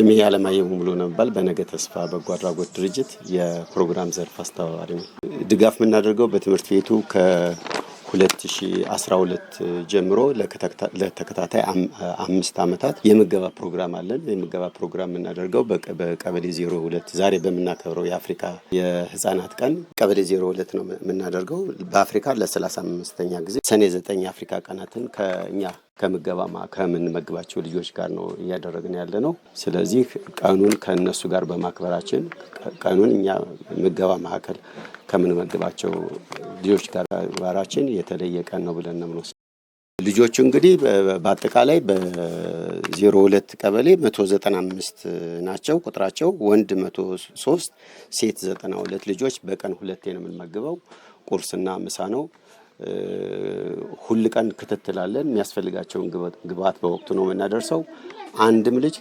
ስሜ አለማየሁ ሙሉ ነው በነገ ተስፋ በጎ አድራጎት ድርጅት የፕሮግራም ዘርፍ አስተባባሪ ነው። ድጋፍ የምናደርገው በትምህርት ቤቱ ከ2012 ጀምሮ ለተከታታይ አምስት ዓመታት የምገባ ፕሮግራም አለን። የምገባ ፕሮግራም የምናደርገው በቀበሌ ሁለት ዛሬ በምናከብረው የአፍሪካ የህፃናት ቀን ቀበሌ ሁለት ነው የምናደርገው። በአፍሪካ ለ35ኛ ጊዜ ሰኔ ዘጠኝ የአፍሪካ ቀናትን ከኛ ከምገባ ከምንመግባቸው ልጆች ጋር ነው እያደረግን ያለ ነው። ስለዚህ ቀኑን ከእነሱ ጋር በማክበራችን ቀኑን እኛ ምገባ ማዕከል ከምንመግባቸው ልጆች ጋር ባራችን የተለየ ቀን ነው ብለን ነው ምንወስ ልጆቹ እንግዲህ በአጠቃላይ በ02 ቀበሌ መቶ ናቸው ቁጥራቸው። ወንድ መቶ ሴት ዘጠና ሁለት ልጆች በቀን ሁለቴ ነው የምንመግበው። ቁርስና ምሳ ነው። ሁል ቀን ክትትል አለን። የሚያስፈልጋቸውን ግብዓት በወቅቱ ነው የምናደርሰው። አንድም ልጅ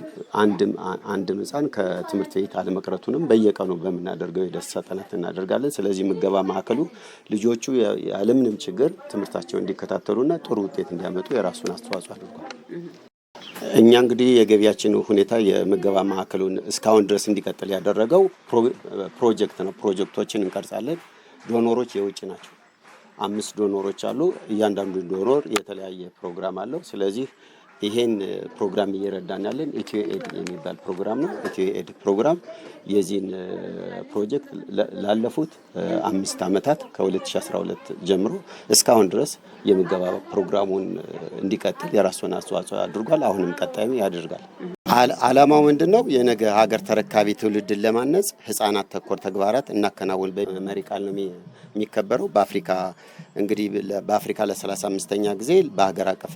አንድም ህፃን ከትምህርት ቤት አለመቅረቱንም በየቀኑ በምናደርገው የደስታ ጥናት እናደርጋለን። ስለዚህ ምገባ ማዕከሉ ልጆቹ ያለምንም ችግር ትምህርታቸውን እንዲከታተሉና ጥሩ ውጤት እንዲያመጡ የራሱን አስተዋጽኦ አድርጓል። እኛ እንግዲህ የገቢያችን ሁኔታ የምገባ ማዕከሉን እስካሁን ድረስ እንዲቀጥል ያደረገው ፕሮጀክት ነው። ፕሮጀክቶችን እንቀርጻለን። ዶኖሮች የውጭ ናቸው። አምስት ዶኖሮች አሉ። እያንዳንዱ ዶኖር የተለያየ ፕሮግራም አለው። ስለዚህ ይሄን ፕሮግራም እየረዳን ያለን ኢትዮ ኤድ የሚባል ፕሮግራም ነው። ኢትዮ ኤድ ፕሮግራም የዚህን ፕሮጀክት ላለፉት አምስት ዓመታት ከ2012 ጀምሮ እስካሁን ድረስ የምገባ ፕሮግራሙን እንዲቀጥል የራሱን አስተዋጽኦ አድርጓል። አሁንም ቀጣዩ ያደርጋል። ዓላማው ምንድን ነው? የነገ ሀገር ተረካቢ ትውልድን ለማነጽ ህጻናት ተኮር ተግባራት እናከናውን በመሪ ቃል ነው የሚከበረው። በአፍሪካ እንግዲህ በአፍሪካ ለ35ኛ ጊዜ በሀገር አቀፍ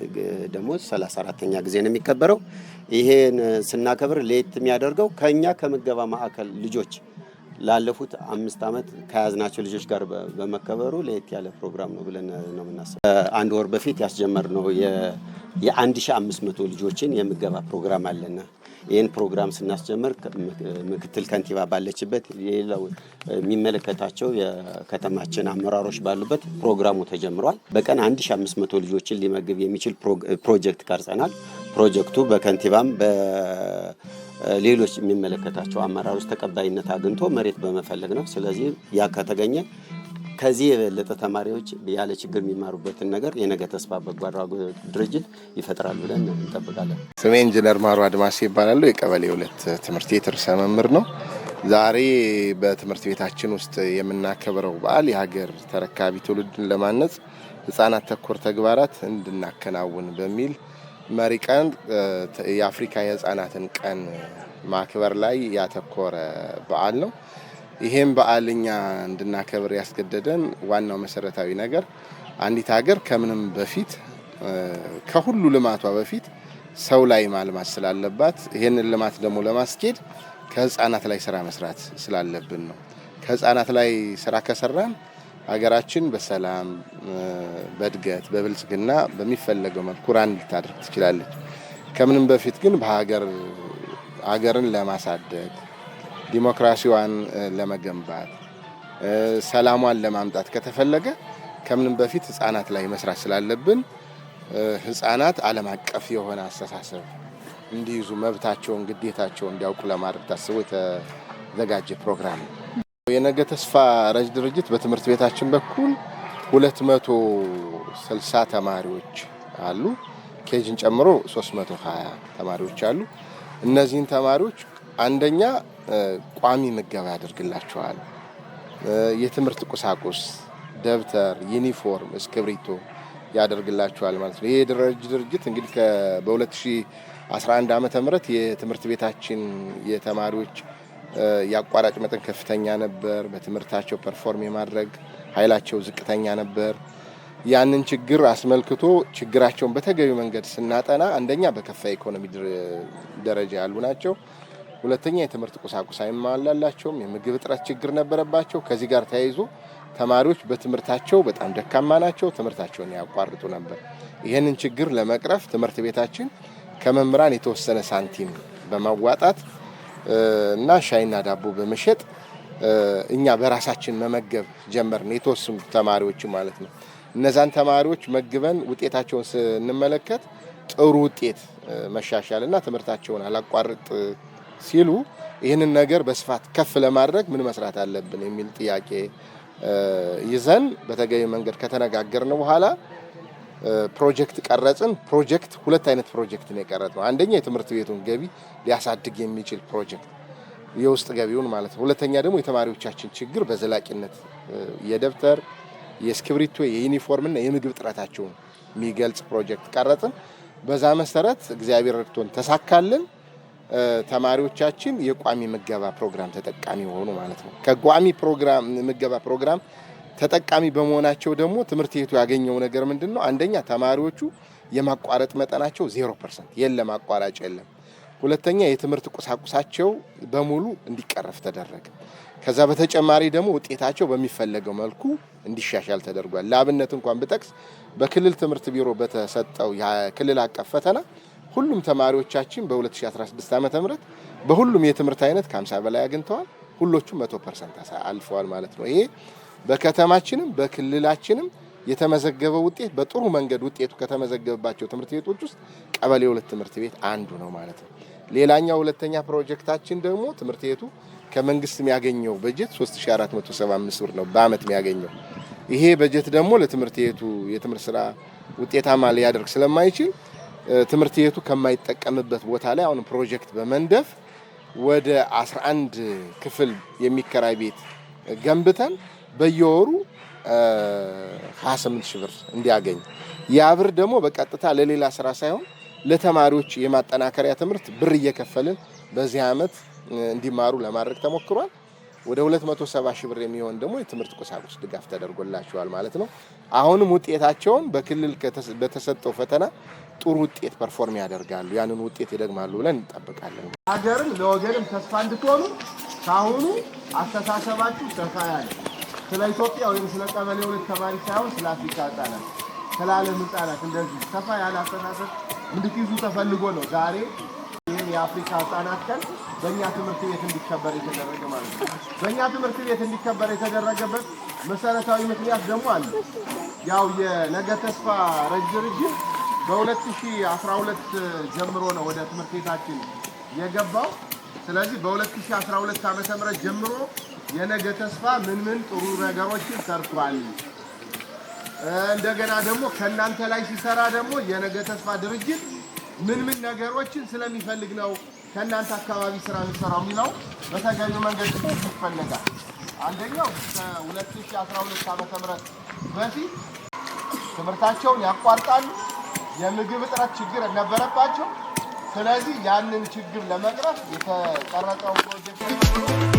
ደግሞ 34ኛ ጊዜ ነው የሚከበረው። ይሄን ስናከብር ለየት የሚያደርገው ከእኛ ከምገባ ማዕከል ልጆች ላለፉት አምስት ዓመት ከያዝናቸው ልጆች ጋር በመከበሩ ለየት ያለ ፕሮግራም ነው ብለን ነው የምናስበው። አንድ ወር በፊት ያስጀመር ነው። የ1500 ልጆችን የምገባ ፕሮግራም አለና ይህን ፕሮግራም ስናስጀምር ምክትል ከንቲባ ባለችበት ሌላው የሚመለከታቸው የከተማችን አመራሮች ባሉበት ፕሮግራሙ ተጀምሯል። በቀን 1500 ልጆችን ሊመግብ የሚችል ፕሮጀክት ቀርጸናል። ፕሮጀክቱ በከንቲባም በሌሎች የሚመለከታቸው አመራሮች ተቀባይነት አግኝቶ መሬት በመፈለግ ነው። ስለዚህ ያ ከተገኘ ከዚህ የበለጠ ተማሪዎች ያለ ችግር የሚማሩበትን ነገር የነገ ተስፋ በጎ አድራጎት ድርጅት ይፈጥራል ብለን እንጠብቃለን። ስሜ ኢንጂነር ማሩ አድማሴ ይባላለሁ። የቀበሌ ሁለት ትምህርት ቤት ርዕሰ መምህር ነው። ዛሬ በትምህርት ቤታችን ውስጥ የምናከብረው በዓል የሀገር ተረካቢ ትውልድን ለማነጽ ህጻናት ተኮር ተግባራት እንድናከናውን በሚል መሪ ቀን የአፍሪካ የህጻናትን ቀን ማክበር ላይ ያተኮረ በዓል ነው። ይሄም በዓል እኛ እንድናከብር ያስገደደን ዋናው መሰረታዊ ነገር አንዲት ሀገር ከምንም በፊት ከሁሉ ልማቷ በፊት ሰው ላይ ማልማት ስላለባት ይህንን ልማት ደግሞ ለማስኬድ ከህፃናት ላይ ስራ መስራት ስላለብን ነው። ከህፃናት ላይ ስራ ከሰራን ሀገራችን በሰላም በእድገት በብልጽግና በሚፈለገው መልኩ ራን ልታደርግ ትችላለች። ከምንም በፊት ግን በሀገር ሀገርን ለማሳደግ ዲሞክራሲዋን ለመገንባት ሰላሟን ለማምጣት ከተፈለገ ከምንም በፊት ህጻናት ላይ መስራት ስላለብን ህጻናት ዓለም አቀፍ የሆነ አስተሳሰብ እንዲይዙ መብታቸውን፣ ግዴታቸውን እንዲያውቁ ለማድረግ ታስቦ የተዘጋጀ ፕሮግራም ነው። የነገ ተስፋ ረጅ ድርጅት በትምህርት ቤታችን በኩል 260 ተማሪዎች አሉ። ኬጅን ጨምሮ 320 ተማሪዎች አሉ። እነዚህን ተማሪዎች አንደኛ ቋሚ ምገባ ያደርግላቸዋል። የትምህርት ቁሳቁስ ደብተር፣ ዩኒፎርም፣ እስክብሪቶ ያደርግላቸዋል ማለት ነው። ይሄ ድርጅት እንግዲህ በ2011 ዓ ምህረት የትምህርት ቤታችን የተማሪዎች የአቋራጭ መጠን ከፍተኛ ነበር። በትምህርታቸው ፐርፎርም የማድረግ ኃይላቸው ዝቅተኛ ነበር። ያንን ችግር አስመልክቶ ችግራቸውን በተገቢ መንገድ ስናጠና አንደኛ በከፋ ኢኮኖሚ ደረጃ ያሉ ናቸው። ሁለተኛ የትምህርት ቁሳቁስ አይሟላላቸውም። የምግብ እጥረት ችግር ነበረባቸው። ከዚህ ጋር ተያይዞ ተማሪዎች በትምህርታቸው በጣም ደካማ ናቸው፣ ትምህርታቸውን ያቋርጡ ነበር። ይህንን ችግር ለመቅረፍ ትምህርት ቤታችን ከመምህራን የተወሰነ ሳንቲም በማዋጣት እና ሻይና ዳቦ በመሸጥ እኛ በራሳችን መመገብ ጀመርን፣ የተወሰኑ ተማሪዎች ማለት ነው። እነዛን ተማሪዎች መግበን ውጤታቸውን ስንመለከት ጥሩ ውጤት መሻሻል እና ትምህርታቸውን አላቋርጥ ሲሉ ይህንን ነገር በስፋት ከፍ ለማድረግ ምን መስራት አለብን የሚል ጥያቄ ይዘን በተገቢ መንገድ ከተነጋገርን በኋላ ፕሮጀክት ቀረጽን። ፕሮጀክት ሁለት አይነት ፕሮጀክት ነው የቀረጽ ነው። አንደኛ የትምህርት ቤቱን ገቢ ሊያሳድግ የሚችል ፕሮጀክት የውስጥ ገቢውን ማለት ነው። ሁለተኛ ደግሞ የተማሪዎቻችን ችግር በዘላቂነት የደብተር የእስክሪብቶ የዩኒፎርምና የምግብ ጥረታቸውን የሚገልጽ ፕሮጀክት ቀረጽን። በዛ መሰረት እግዚአብሔር ረድቶን ተሳካልን። ተማሪዎቻችን የቋሚ ምገባ ፕሮግራም ተጠቃሚ ሆኑ ማለት ነው። ከቋሚ ፕሮግራም ምገባ ፕሮግራም ተጠቃሚ በመሆናቸው ደግሞ ትምህርት ቤቱ ያገኘው ነገር ምንድን ነው? አንደኛ ተማሪዎቹ የማቋረጥ መጠናቸው ዜሮ ፐርሰንት የለም፣ አቋራጭ የለም። ሁለተኛ የትምህርት ቁሳቁሳቸው በሙሉ እንዲቀረፍ ተደረገ። ከዛ በተጨማሪ ደግሞ ውጤታቸው በሚፈለገው መልኩ እንዲሻሻል ተደርጓል። ለአብነት እንኳን ብጠቅስ በክልል ትምህርት ቢሮ በተሰጠው የክልል አቀፍ ፈተና ሁሉም ተማሪዎቻችን በ2016 ም በሁሉም የትምህርት አይነት ከ50 በላይ አግኝተዋል። ሁሎቹም 100% አልፈዋል ማለት ነው። ይሄ በከተማችንም በክልላችንም የተመዘገበ ውጤት በጥሩ መንገድ ውጤቱ ከተመዘገበባቸው ትምህርት ቤቶች ውስጥ ቀበሌ ሁለት ትምህርት ቤት አንዱ ነው ማለት ነው። ሌላኛው ሁለተኛ ፕሮጀክታችን ደግሞ ትምህርት ቤቱ ከመንግስት የሚያገኘው በጀት 3475 ብር ነው በአመት የሚያገኘው። ይሄ በጀት ደግሞ ለትምህርት ቤቱ የትምህርት ስራ ውጤታማ ሊያደርግ ስለማይችል ትምህርት ቤቱ ከማይጠቀምበት ቦታ ላይ አሁን ፕሮጀክት በመንደፍ ወደ 11 ክፍል የሚከራይ ቤት ገንብተን በየወሩ 28 ሺህ ብር እንዲያገኝ ያ ብር ደግሞ በቀጥታ ለሌላ ስራ ሳይሆን ለተማሪዎች የማጠናከሪያ ትምህርት ብር እየከፈልን በዚህ ዓመት እንዲማሩ ለማድረግ ተሞክሯል። ወደ 270 ሺህ ብር የሚሆን ደግሞ የትምህርት ቁሳቁስ ድጋፍ ተደርጎላቸዋል ማለት ነው። አሁንም ውጤታቸውን በክልል በተሰጠው ፈተና ጥሩ ውጤት ፐርፎርም ያደርጋሉ፣ ያንን ውጤት ይደግማሉ ብለን እንጠብቃለን። ሀገርም ለወገንም ተስፋ እንድትሆኑ ከአሁኑ አስተሳሰባችሁ ሰፋ ያለ ስለ ኢትዮጵያ ወይም ስለ ቀበሌ ሁለት ተማሪ ሳይሆን ስለ አፍሪካ ህጻናት፣ ስለ ዓለም እንደዚህ ሰፋ ያለ አስተሳሰብ እንድትይዙ ተፈልጎ ነው ዛሬ ይህን የአፍሪካ ህጻናት ቀን በእኛ ትምህርት ቤት እንዲከበር የተደረገ ማለት ነው። በእኛ ትምህርት ቤት እንዲከበር የተደረገበት መሰረታዊ ምክንያት ደግሞ አለ። ያው የነገ ተስፋ ረጅ በ2012 ጀምሮ ነው ወደ ትምህርት ቤታችን የገባው። ስለዚህ በ2012 ዓ.ም ምህረት ጀምሮ የነገ ተስፋ ምን ምን ጥሩ ነገሮችን ሰርቷል፣ እንደገና ደግሞ ከእናንተ ላይ ሲሰራ ደግሞ የነገ ተስፋ ድርጅት ምን ምን ነገሮችን ስለሚፈልግ ነው ከእናንተ አካባቢ ስራ የሚሰራው የሚለው በተገቢ መንገድ ይፈለጋል። አንደኛው ከ2012 ዓ ም በፊት ትምህርታቸውን ያቋርጣሉ። የምግብ እጥረት ችግር ነበረባቸው። ስለዚህ ያንን ችግር ለመቅረፍ የተቀረጠው ፕሮጀክት